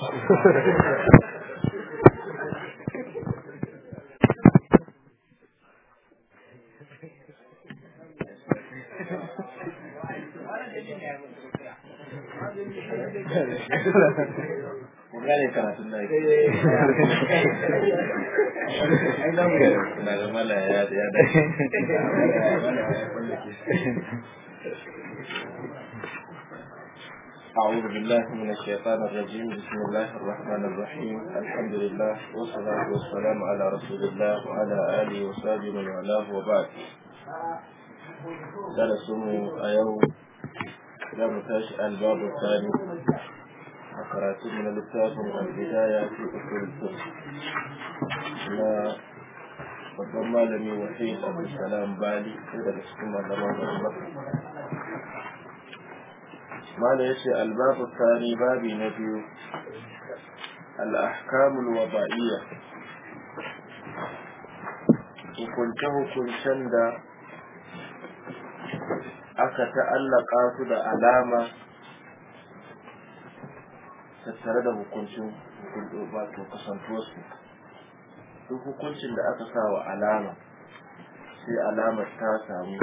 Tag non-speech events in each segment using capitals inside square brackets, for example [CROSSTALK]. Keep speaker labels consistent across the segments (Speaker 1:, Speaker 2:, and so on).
Speaker 1: gane karatun na
Speaker 2: أعوذ بالله من الشيطان الرجيم بسم الله الرحمن الرحيم الحمد لله والصلاة والسلام على رسول الله وعلى آله وصحبه من والاه وبعد درسوا أيوم لم تش الباب الثاني قرأت من الكتاب البداية في أصول الفقه لا babban malami wahid abdulsalam bali daga cikin malaman da ماذا ya ce الثاني باب babi na biyu al'ahkamul waba'iya hukunce-hukuncen da aka ta'allaka su da alama tattare da hukuncin wato kasantuwarsu duk hukuncin da aka sa wa alama sai alamar ta samu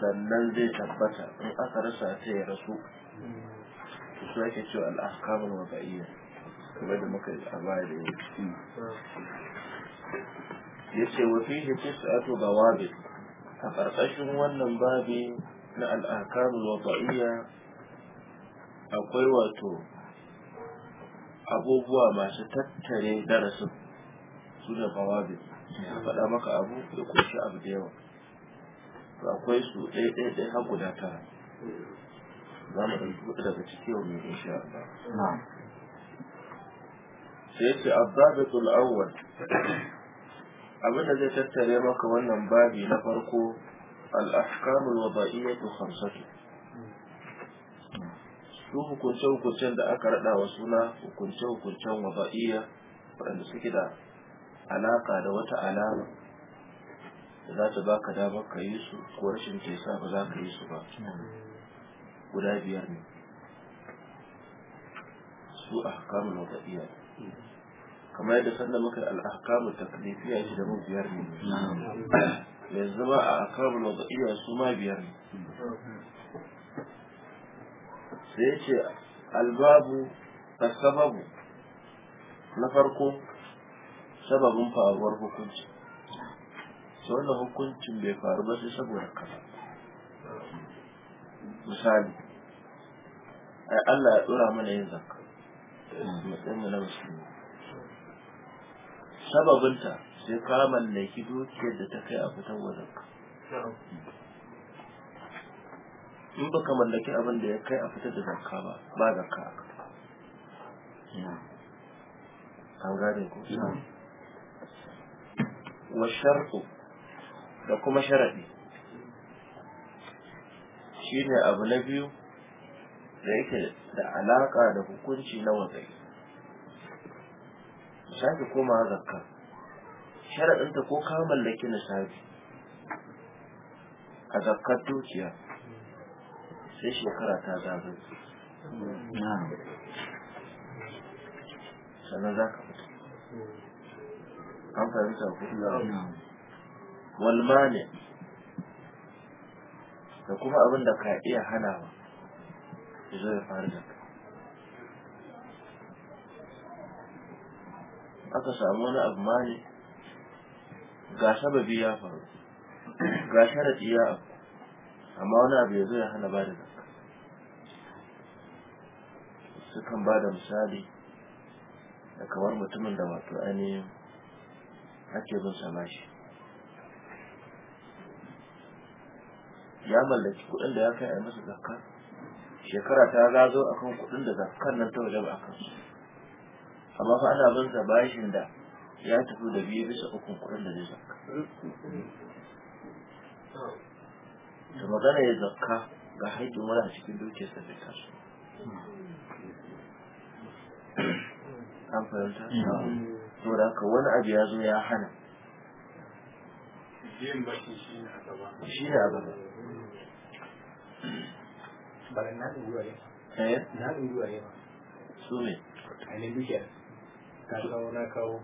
Speaker 2: sannan zai tabbata in aka rasa ta ya rasu to su ake cewa al'akamun wada'iyya kuma da muka yi a baya da yanzu ya ce wa fi hikis ato ga wabi a ƙarƙashin wannan babi na al'akamun wada'iyya akwai wato abubuwa masu tattare darasin su da bawabi ya faɗa maka abu ya kunshi abu da yawa akwai su ɗaya ɗaya ɗaya har guda tara za mu ɗauki kuɗi daga ciki yau mai insha Allah sai ce abdabatul awwal abin da zai tattare maka wannan babi na farko ba'i ya wada'iyyatu hamsatu. su hukunce-hukuncen da aka raɗa wa suna hukunce-hukuncen wa wada'iyya waɗanda suke da alaƙa da wata alama za ta baka damar ka yi su ko rashin ta yasa ba za ka yi su ba guda biyar ne su a hakamun wata iya kamar yadda sannan muka al'ahkamun taklifiya shi da mu biyar ne yanzu ba a hakamun wata iya su ma biyar ne sai ce albabu a sababu na farko sababin faruwar hukunci su wannan hukuncin bai faru ba sai saboda kaza misali ai Allah ya dora mana yin zakka matsayin na musulmi sababinta sai ka mallaki dukiyar da ta kai a fitar wa zakka in ka mallaki abin da ya kai a fitar da zakka ba ba zakka a kan gane ko wa sharku da kuma sharaɗi shi ne abu na biyu da yake da alaƙa da hukunci na watsai shafi koma zakka sharaɗinta ko ka mallaki shafi a zakkar dukiya sai shekara ta zaɓi sannan za ka fita an fahimta ku Walma ne, da kuma abin da ka iya hanawa ya zo ya faru da aka samu wani abu mani ga sababi ya faru ga sharadi ya abu amma wani abu ya zo ya hana ba da zaka sukan ba da misali da kamar mutumin da wato ainihin ake bin samashi. ya mallaki kuɗin da ya kai a yi masa zakka shekara ta gazo akan kuɗin da zakkan nan ta wajen akan su amma fa ana bin sa bashin da ya tafi da biyu bisa ukun kuɗin da zai zakka da magana ya zakka ga haidin wani a cikin dukiyarsa bai taso an fahimta saboda haka wani abu ya zo ya hana shi ne a gaba ba na ɗin ruwa ne eh na ɗin ruwa ba. su ne a ne dukiyar ka kawo na kawo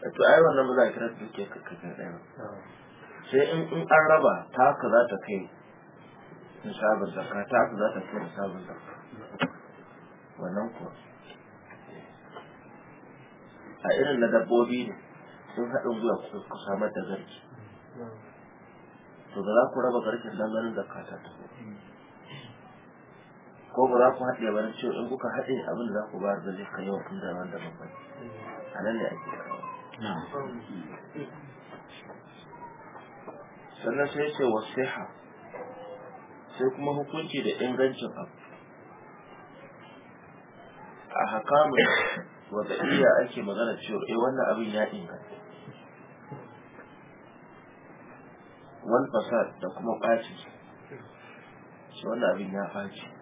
Speaker 1: to ai wannan ba za a
Speaker 2: kira dukiyar ka kakar ɗaya sai in in an raba ta haka za ta kai nisabin zakka ta haka za ta kai nisabin zakka wannan kuwa a irin na dabbobi ne sun haɗin zuwa ku samar da garki to da za ku raba garkin don ganin zakka ta tafi mm. ko ba za ku haɗe ba na cewa in kuka haɗe abin da za ku ba da zai kai wa inda wanda ba bai a nan ne ake kawo sannan sai ce wasiha sai kuma hukunci da ingancin abu a hakamun wata iya ake magana cewa eh wannan abin ya inganta Wani fasad da kuma ɓaci shi wannan abin ya ɓaci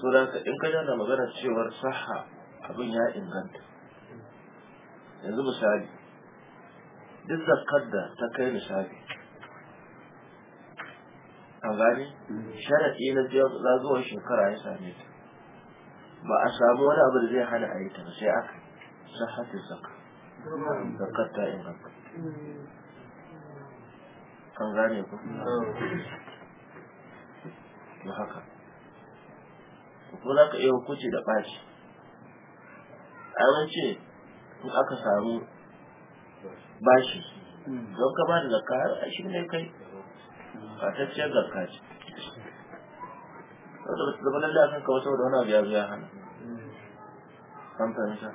Speaker 2: so da ka in ka da magana cewar saha abin ya inganta yanzu misali duk zakar da ta kai misali a gani sharaɗi na zagawar shekara ya same ta ba a samu wani abu da zai hana a yi ta sai aka sahatin zakar zakar ta inganta an gane ku to haka ko za ka iya hukunci da ɓaci an ce in aka samu bashi don ka ba da zakka har a shi ne kai fatacciyar zakka ce wanda ba su zama lalle akan kawo saboda wani abu ya zo hana an fahimta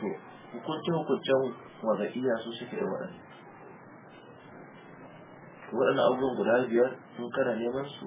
Speaker 2: to Hukuncin-hukuncin wazaiya su suke da waɗanda waɗannan abubuwan guda biyar sun kara neman su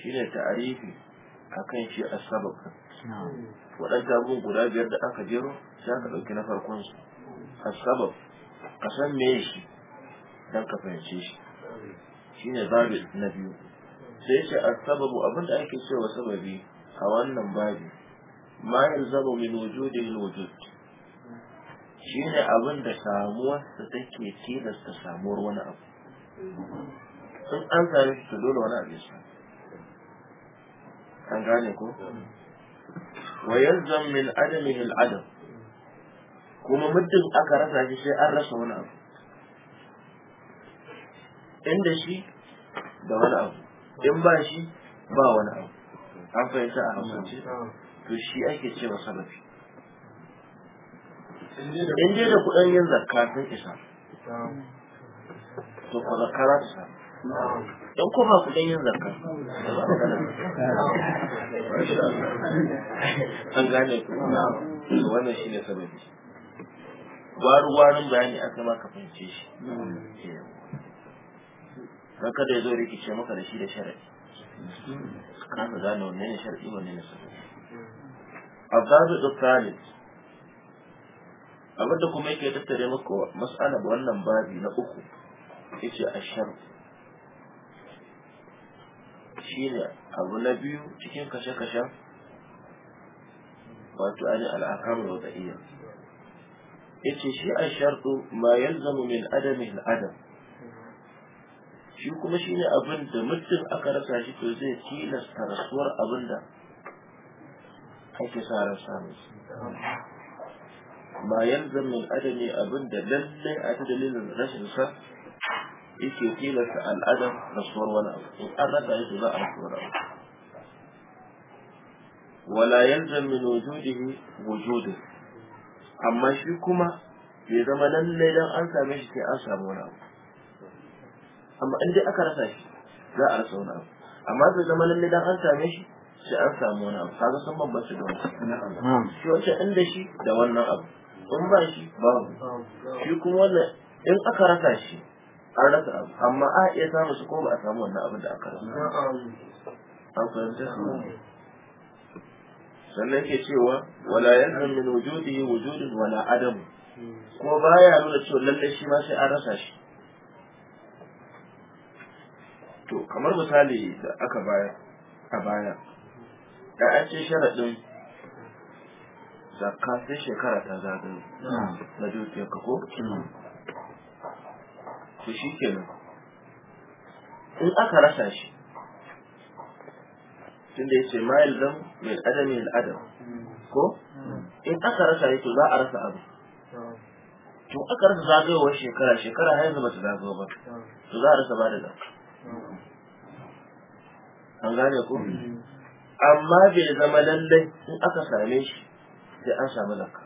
Speaker 2: shi ne ta'arifi a kan shi asbab waɗanda abin guda biyar da aka jero sai aka ɗauki na farkon su sabab ka san me shi don ka fahimce shi shi ne babi na biyu sai shi a abin abinda ake cewa sababi a wannan babi ma nojo min wujudi Shi ne abin da samuwar ta take tilasta samuwar wani
Speaker 1: abu
Speaker 2: in an same shi su dole wani abin su an gane ko wa yanzan min adamin al'adam kuma muddin aka rasa shi sai an rasa wani abu inda shi da wani abu in ba shi ba wani abu an fahimta a hausance to shi ake ce wa salafi in dai da kudin yin zakka sun isa to ko zakka za ta samu don ko ba kudin yin zarka an gane ku wannan shi ne sababi gwaru gwarun bayani a sama ka fahimce shi don kada ya zo rikice maka da shi da sharadi ka gane wanne ne sharadi wanne ne sababi azabu tsalit abinda kuma yake tattare maka mas'ala wannan babi na uku yace ashar ne abu na biyu cikin kashe-kashen wato ani al'akamun wada'iyya yace shi a sharɗu ma yalzamu min adamin adam. shi kuma shi ne abin da mutum aka rasa shi to zai tilasta rasuwar abin da ake sa ran samun ma yalzamu min adami abin da lallai a ta dalilin rashin sa yake tilasta al'adar rasuwar wani abu in an rasa yake za a rasuwar wani abu wala yalzam min wujudihi wujudu amma shi kuma bai zama lallai dan an same shi sai an samu wani abu amma in dai aka rasa shi za a rasa wani abu amma bai zama lallai dan an same shi sai an samu wani abu kaga sun bambanta da wani shi wace inda shi da wannan abu in ba shi babu shi kuma wannan in aka rasa shi an rasa abu amma a iya samu su ko ba a samu wannan abin da aka rasa an fahimta sannan ke cewa wala yanzu min wujudi wujudun wala adam ko baya nuna cewa lallai shi ma sai an rasa shi to kamar misali da aka bayar a baya da an ce sharaɗin zakka sai shekara ta zagaye. na dukiyar ka ko to shi nan in aka rasa shi ya ce ma yalzam mai adamin al'adam ko in aka rasa shi to za a rasa abu to aka rasa zagayowar shekara shekara har yanzu ta zagayo ba to za a rasa ba da zaka an gane ko amma bai zama lallai in aka same shi sai an samu zaka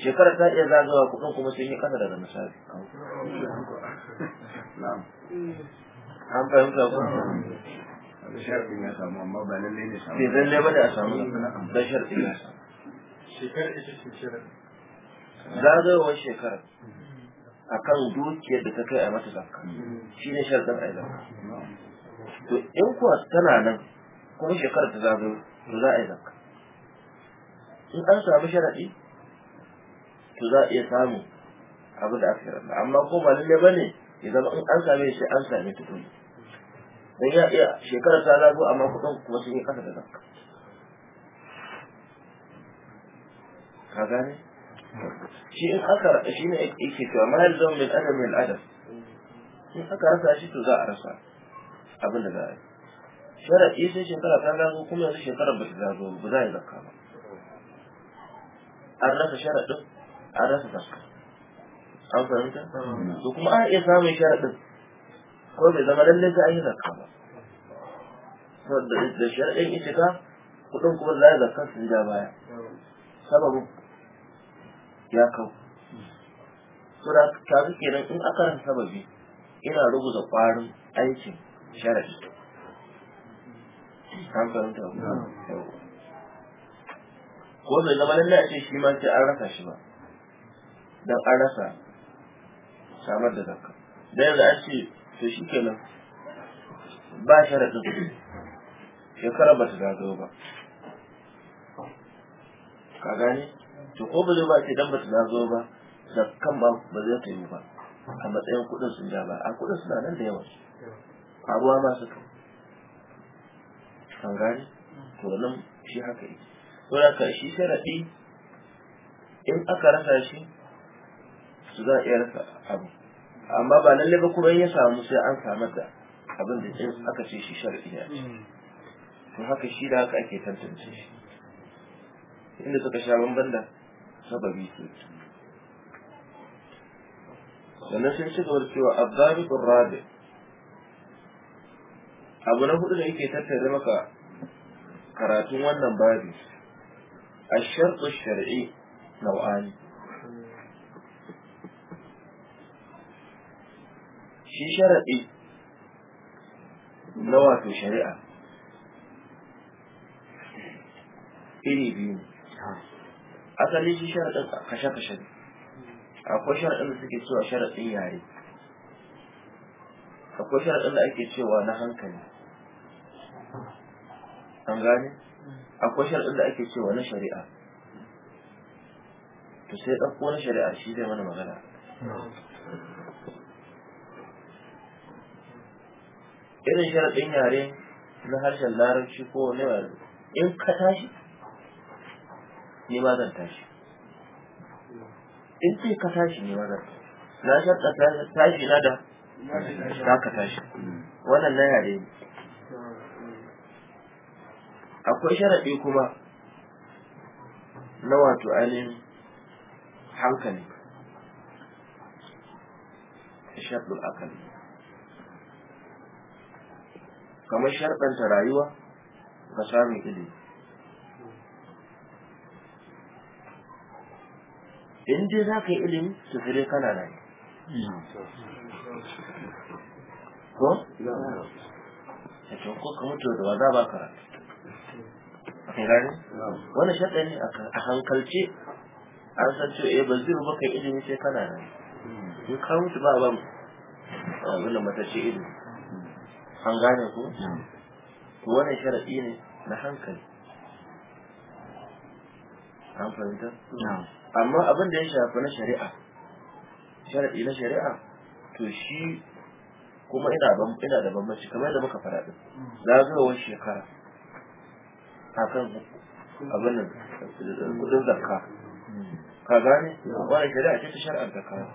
Speaker 2: shekarar ta iya zagawa kuɗin kuma sun yi ƙasa daga misali an fahimta ku sharɗin ya samu amma ba lallai ne samu Sai lallai ba da samu da sharɗin ya samu shekarar ita ce shirin zagawar shekarar akan dukiyar da ta kai a mata zakka shi ne sharɗin a zakka to in kuwa tana nan kuma shekarar ta zagayo to za a yi zakka in an samu sharaɗi to za a iya samun abin da aka rasa amma ko ba lalle ba ne ya zama in an same shi an same ta dole don ya iya shekarar ta zago amma kuɗin kuma sun yi ƙasa da zaka ka gane shi in aka shi ne yake cewa ma yal zama min adam min adam in aka rasa shi to za a rasa abin da za a yi sharaɗi sai shekara ta zago kuma yanzu shekarar ba ta zago ba za a yi zakka ba an rasa sharaɗin an rasa zakka an fahimta hmm. to kuma a iya samun sharaɗin ko bai zama lallai sai an yi zakka ba da sharaɗin ishika, kuɗin kuma za a zakka su ja baya Sababu ya kau sura ta kenan in aka ran sababi ina rubuta ƙwarin aikin sharaɗi an fahimta hmm. ko bai zama lallai a ce shi ma sai an rasa shi ba don an rasa samar da zakka da yanzu an ce to shi kenan ba shi sharaɗin shekara ba ta zagayo ba ka gane to ko ba zai ba ce dan ba ta zagayo ba zakkan ba ba zai ta yi ba a matsayin kuɗin sun ja ba a kuɗin suna nan da yawa faruwa ma suka kan gane to nan shi haka yi to da ka shi sharaɗi in aka rasa shi su za a iya rasa abu amma ba lalle ba kuma ya samu sai an samar da abin da in aka ce shi shar'i ne mm. to haka shi da haka ake tantance shi inda suka sha bamban da sababi su sannan sai ci gaba da cewa abdabi rabi abu na hudu da yake tattare maka karatun wannan babi الشرط الشرعي nau'ani shi sharaɗi na wato shari'a iri biyu asali shi sharaɗin kashe-kashe akwai sharaɗin da suke cewa sharaɗin yare akwai sharaɗin da ake cewa na hankali an gane akwai sharaɗin da ake cewa na shari'a to sai ɗauko na shari'a shi zai mana magana irin sharaɗin yare na harshen larabci ko wani yare in ka tashi ne ma zan tashi in ce ka tashi ne ma zan tashi na sharaɗa tashi na da za ka tashi wannan na yare ne akwai sharaɗi kuma na wato ainihin hankali shaɗin akali kamar sharɗanta rayuwa ga samun ilimi in dai za ka yi ilimi tafire kana rayu ko? a can ko ka mutu da waza ba karatu a kan gani? wani shaɗa ne a hankalce an san cewa eh ba zai ba kai ilimi sai kana ni, in ka mutu ba ba abin da ce ilimi an gane ku to hmm. wannan sharadi ne na hankali an fahimta hmm. amma abin da ya shafi na shari'a sharadi na shari'a to shi kuma ina ina da bambanci kamar da muka faɗa zuwa wani shekara kan abin nan kudin zakka hmm. ka gane wannan shari'a ce ta shar'ar zakka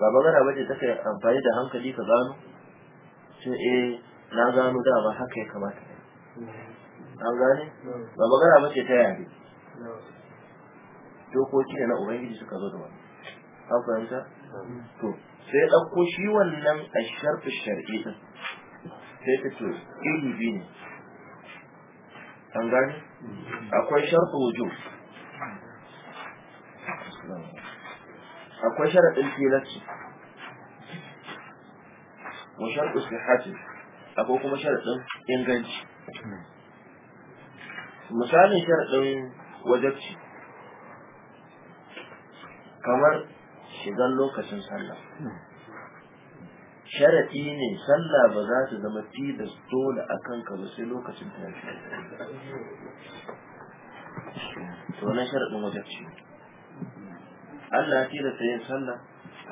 Speaker 2: ba magana ta kai amfani da hankali ka gano sun eh na gano da ba haka ya kamata ne mm-hmm. an gane mm-hmm. ba magana ba ce ta yare dokoki ne na ubangiji suka zo da wani an fahimta mm-hmm. to sai ɗauko shi wannan a sharfi shari'i ɗin sai ta ce ilibi ne an gane akwai sharfi wujo akwai sharaɗin filarci wa sharɗu akwai kuma sharɗin inganci misalin sharɗin wajabci kamar shigar lokacin sallah sharaɗi ne sallah ba za ta zama tilas dole a kanka ba sai lokacin ta yi to na sharaɗin wajabci Allah ya tilasta yin sallah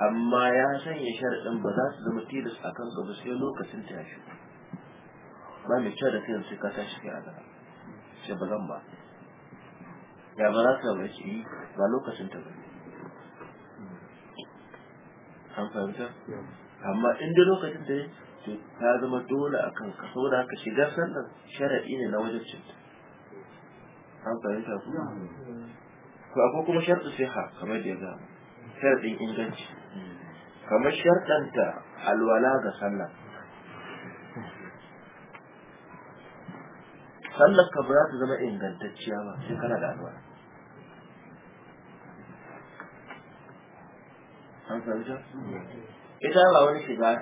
Speaker 2: amma ya sanya sharaɗin ba za su zama tilis a kan ba sai lokacin ta shi ba mai cewa da tilis ka tashi kai a gaba sai ba zan ba ya ba za su zama ci ba lokacin ta ba an fahimta amma in da lokacin da to ta zama dole a kan kaso da haka shiga sannan sharaɗi ne na wajen cinta an fahimta ku ko akwai kuma sharɗin sai ha kamar da ya gama sharaɗin inganci kamar sharɗanta alwala ga sallah sallar ka ba za ta zama ingantacciya ba sai kana da alwala an fahimta ita ba wani shiga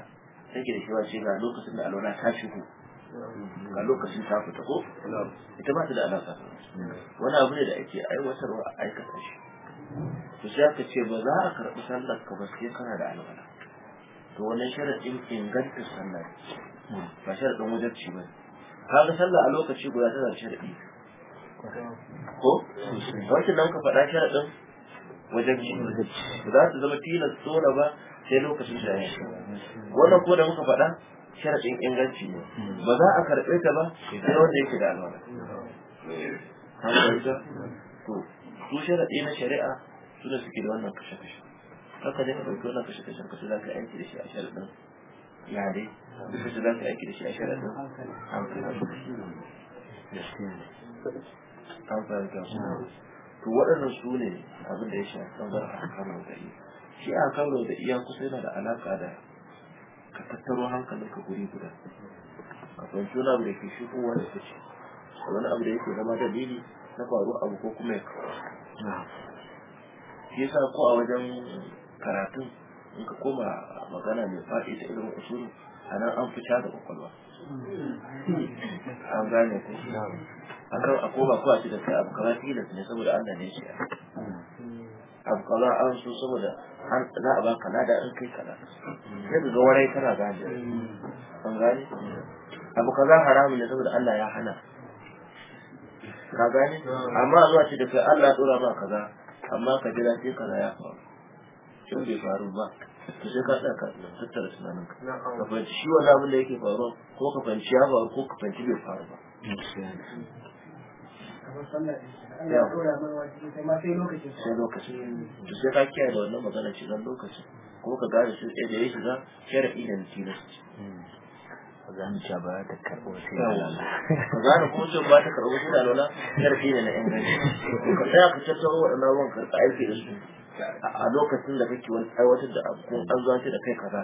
Speaker 2: take da shiga ce ga lokacin da alwala ta shigo ga lokacin ta fita ko ita ba ta da alaƙa wani abu ne da ake aiwatarwa a aikata shi to sai ka ce ba za a karɓi sallar ka ba sai kana da alwala to wannan sharaɗin inganta sallar ba sharaɗin wajarci ba ga sallah a lokaci guda tana da sharaɗi ko wacce nan ka faɗa sharaɗin wajen Ba za su zama tilas dole ba sai lokacin da ya wannan ko da muka faɗa sharaɗin inganci ne ba za a karɓe ta ba sai wanda yake da alwala su sharaɗi na shari'a su da suke da wannan kashe-kashe haka dai ka ɗauki wannan kashe-kashe ka su za ka aiki da shi a sharaɗin yare duka su za ka aiki da shi a sharaɗin an fahimta to waɗannan su ne abin da ya a shafi ɓangaren hakamar gari shi a kawo da iya kusa yana da alaƙa da ka tattaro ka guri guda a fahimci wani abu da ke shigowa da ce, wani abu da yake zama dalili na faruwa abu ko kuma ya kawo shi yasa ko a wajen karatun in ka koma magana mai faɗi ta irin usulu a nan an fi da kwakwalwa
Speaker 1: an
Speaker 2: gane ku a kan a koma ko a ci da kai abu kaza tilas ne saboda Allah ne shi abu kaza an so saboda za a baka lada in kai kaza sai ga warai tana gane an gane abu kaza haramun ne saboda Allah ya hana ka gane amma zuwa ce da kai Allah dora ba kaza amma ka jira sai kaza ya faru shin bai faru ba to sai ka tsaka tattara tunanin ka ka fahimci shi wani abin da yake faruwa ko ka fahimci ya faru ko ka fahimci bai faru ba sai lokaci to sai ka kiyaye da wannan magana shigan lokaci ko ka gane sai da ya shiga shari'i da tilas za mu cewa ba ta karɓo sai da lalla za mu kuma cewa ba ta karɓo sai da lalla karfi ne na yan ka tsaya ka tattaro waɗannan ruwan karɓa aiki da su a lokacin da kake wani aiwatar da abu kun an zuwa da kai kaza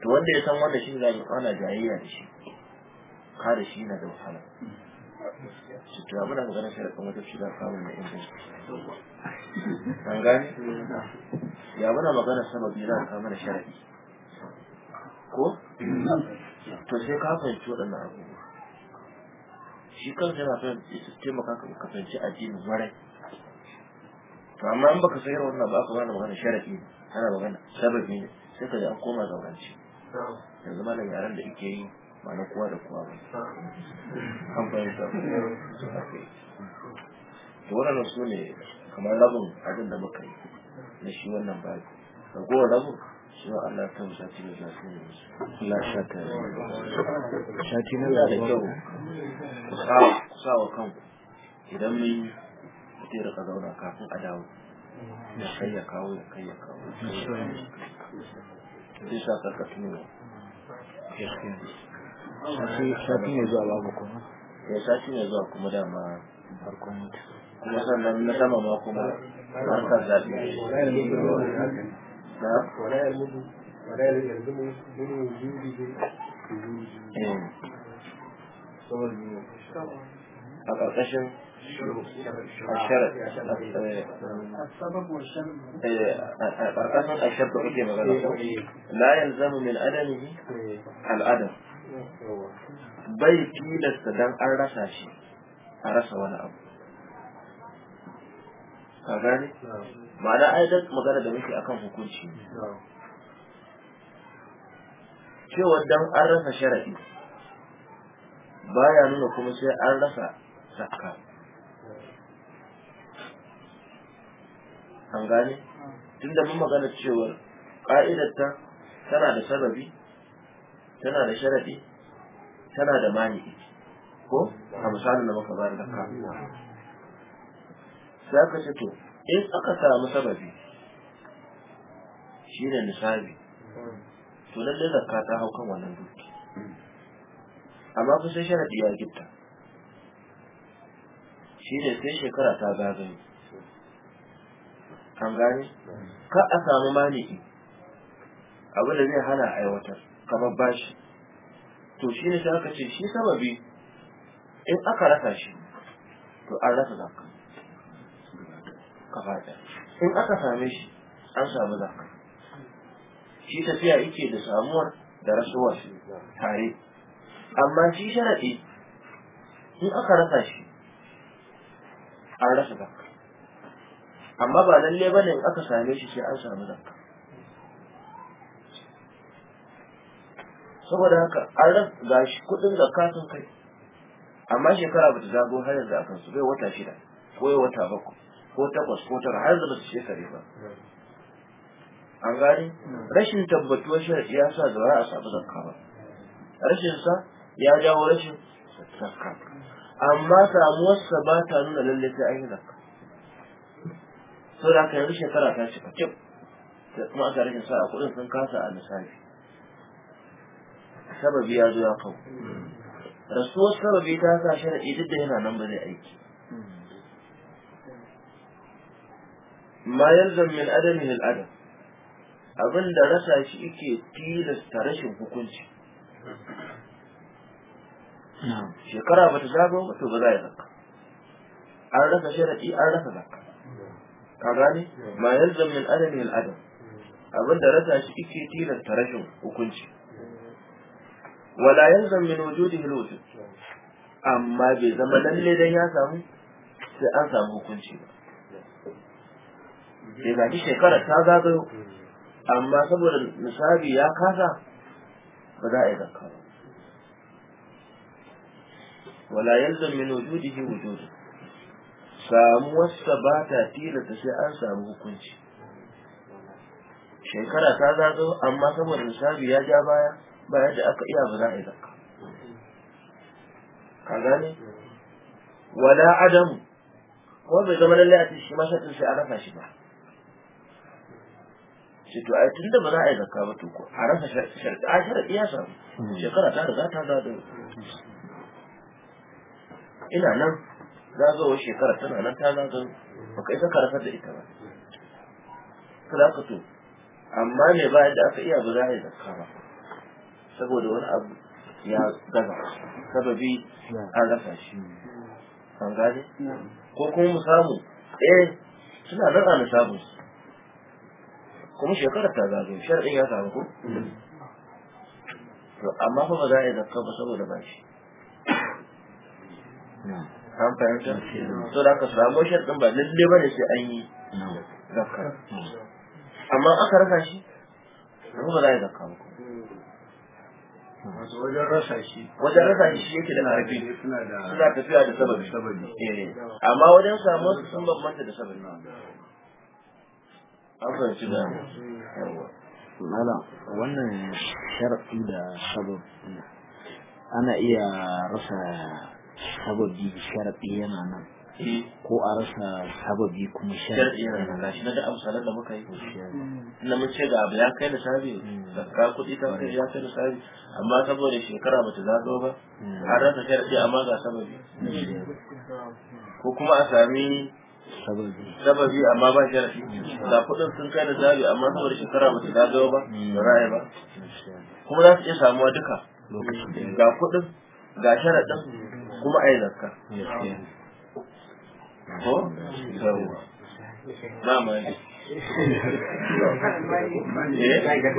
Speaker 2: to wanda ya san wanda shi za mu ana jayayya da shi kare shi yana da wahala su tura muna magana sai da kuma ta shiga samun na inganci an gane ya muna magana sababi za a samu da sharaɗi ko to sai ka fahimci waɗannan abubuwa shi sai na son su taimaka ka kasance addinin mara to amma in baka sayar wannan ba ka bani magana sharafi ne ana magana sababi ne sai ka ji an koma zaurance yanzu malam yaran da ike yi ma na kowa da kowa ba an fahimta to wannan su ne kamar rabin abin da muka yi na shi wannan baki ragowar rabin Allah ta musa cikin Allah sha na kyau wa kanku idan mun da zauna kafin a dawo ya kai ya kawo ya kai ya kawo zai sa karka tunewa shati ne zuwa babu kuma ya ne zuwa kuma dama farkon mutu kuma sannan na sama ma kuma harkar zafi نعم. ولا يلزم ولا يلزم من وجوده الشرط السبب
Speaker 1: إيه. إيه. إيه. لا يلزم من
Speaker 2: أدمه الأدم bai tilasta dan أرسى rasa shi a rasa wani ma'ana ai duk magana da muke akan hukunci cewa dan an rasa sharadi baya nuna kuma sai an rasa zakka an gane tunda mun magana cewa ta tana da sababi tana da sharadi tana da mani ko a misalin da muka bayar da ka sai aka ce to in aka samu sababi shi ne nisabi to lalle zakka ta hau kan wannan duki amma ku sai sharadi ya gitta shi ne sai shekara ta zagaye kan gani ka a samu maliki Abu da zai hana aiwatar kamar bashi to shi ne sai aka ce shi sababi in aka rasa shi to an rasa zakka gaba in aka same shi an samu zaka shi tafiya yake da samuwar da rasuwar tare amma shi sharaɗi in aka rasa shi an rasa zakka amma ba lalle ba ne in aka same shi sai an samu zakka saboda haka an rasa gashi kuɗin zakka kai amma shekara ba ta zago har yanzu akan su bai wata shida ko wata bakwai ko takwas ko tara har da su shekare ba an gane rashin tabbatuwa shi ya sa da a samu zakka ba rashin sa ya jawo rashin zakka amma sa ba ta nuna lalle sai an yi zakka sau da aka yanzu shekara ta cika kyau da kuma aka rashin sa a kuɗin sun kasa a lissafi sababi ya zo ya kawo rasuwar sababi ta sa shi duk da yana nan ba zai aiki ma yalzam min adamihi al-adam abin da rasa shi yake tilasta rashin hukunci shekara ba ta zaba ba to ba za ya zaka an rasa sharaɗi an rasa zaka ka gane ma yalzam min adamihi al-adam abin da rasa shi yake tilasta rashin hukunci wala yalzam min wujudihi al-wujud amma bai zama lalle dan ya samu sai an samu hukunci ba sai ga shi shekara ta zagayo amma saboda nisabi ya kasa ba za a yi zakka ba wala yalzam min wujudihi wujud wasu ba ta tilata sai an samu hukunci shekara ta zagayo amma saboda nisabi ya ja baya ba yadda aka iya ba za a yi zakka ka gane wala adamu ko bai zama lallai a cikin shi ma sai a rasa shi ba shi to ai tunda ba za a yi zakka ba to ko a rasa sharadi a sharadi ya samu hmm. shekara ta riga ta gado ina nan zagawar shekara tana nan ta zagayo ba kai ka rasar da ita ba kada ka to amma me bayan da aka iya ba za a yi zakka ba saboda wani abu ya gaza sababi an rasa shi hmm. an gane hmm. ko kuma mu samu eh suna nan a samu su kuma shekarar ta zagaye shar'in ya samu ko to amma kuma ba za a yi zakka ba saboda ba shi an fahimta so da aka samu sharɗin ba lalle ba ne sai an yi zakka amma aka rasa shi kuma ba za a yi zakka ba wajen rasa shi wajen rasa shi shi yake da harfi suna tafiya da sababi eh, amma wajen samun sun bambanta da sababi
Speaker 1: abinci da
Speaker 2: mala wannan sharafi da sabab ana iya rasa sababi sharafi yana nan eh. ko a rasa sababi kuma sharafi yana nan gashi na da amsalar da muka yi mm. na mun ce ga abu ya kai da sabi zakka mm. kuɗi ta kai ya kai da sabi amma saboda shekara bata zagawa ba
Speaker 1: mm. an
Speaker 2: rasa sharafi amma ga sababi ko kuma a sami sababi amma ba sharafi da kudin sun kai da zabi amma saboda shekara ba ta zagayo ba da raya ba kuma za su iya samuwa duka ga kudin ga sharaɗin kuma a yi zakka ko ba ma ne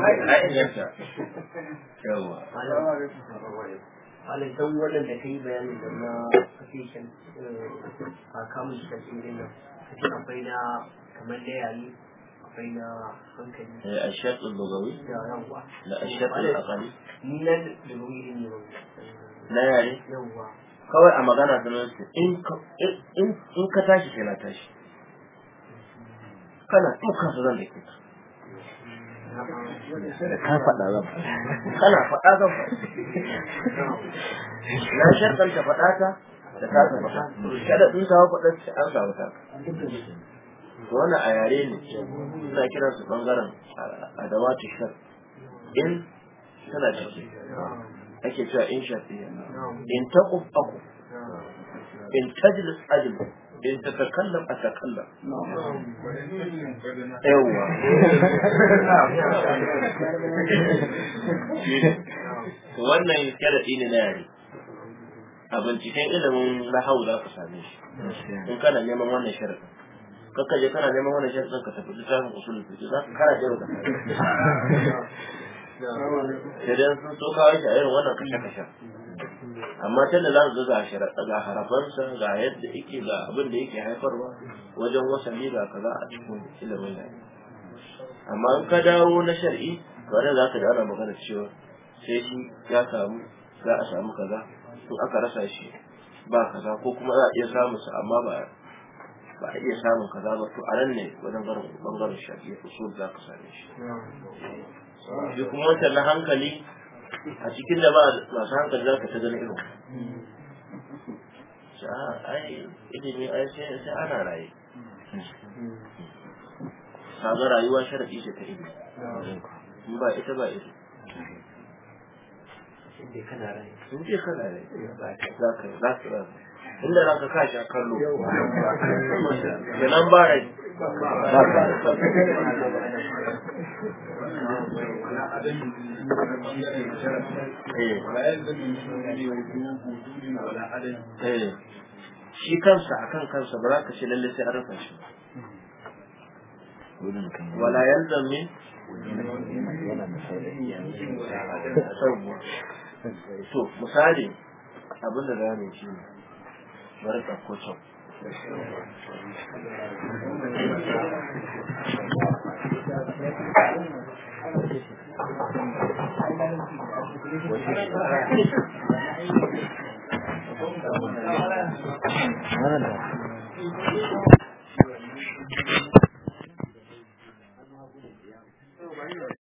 Speaker 2: halin dan wannan da kai bayanin da na kasashen eh, a kamun shi da nan cikin akwai na kamar
Speaker 1: da yayi akwai na hankali eh ashaq al-lugawi da yawa la ashaq al-aqali
Speaker 2: ni na lugawi ne na yare yawa kawai a magana da nan in in ka tashi kana tashi kana dukkan su zan da ke ka faɗa zan kana faɗa zan na shakanta faɗa ta da ta zama kada sun samu faɗar su an samu ta wani a yare ne suna kiran su bangaren adawatu shar in tana ciki ake cewa in shafiya in taqub aku in tajlis ajl in tatakallam atakallam yawa [LAUGHS] wannan sharadi ne na yare a binciken ilimin lahau za ka same shi in kana neman wannan sharafin kakka je kana neman wannan sharafin ka tafi usul da fiqh za ka kara jewa da sai dan sun so kawai shi a irin wannan kashe kashe amma ta da za su ga sharaɗa ga harafansa ga yadda yake ga abin da yake haifarwa wajen wasali ga kaza a cikin ilimin da amma in ka dawo na shar'i bare za ka da ana magana cewa sai shi ya samu za a samu kaza in aka rasa shi ba kaza ko kuma za a iya samun sa amma ba ba a iya samun kaza ba to a nan ne wajen bangaren shafi usul za ka same shi shi kuma wancan na hankali a cikin da ba masu hankali za ka ta gani irin ah, ai ilimi ai sai ana raye kaga rayuwa sharaɗi ce ta ilimi ba ita ba ita inda kana rai sun ce kana rai za ka za ka za ka inda za ka sa a kallo da nan ba rai eh. Eh. shi kansa a kan kansa ba za ka ce lalle sai an rasa shi wala yalzam ne [LAUGHS] to misali abin da zamu ci bari ka kocho
Speaker 1: Thank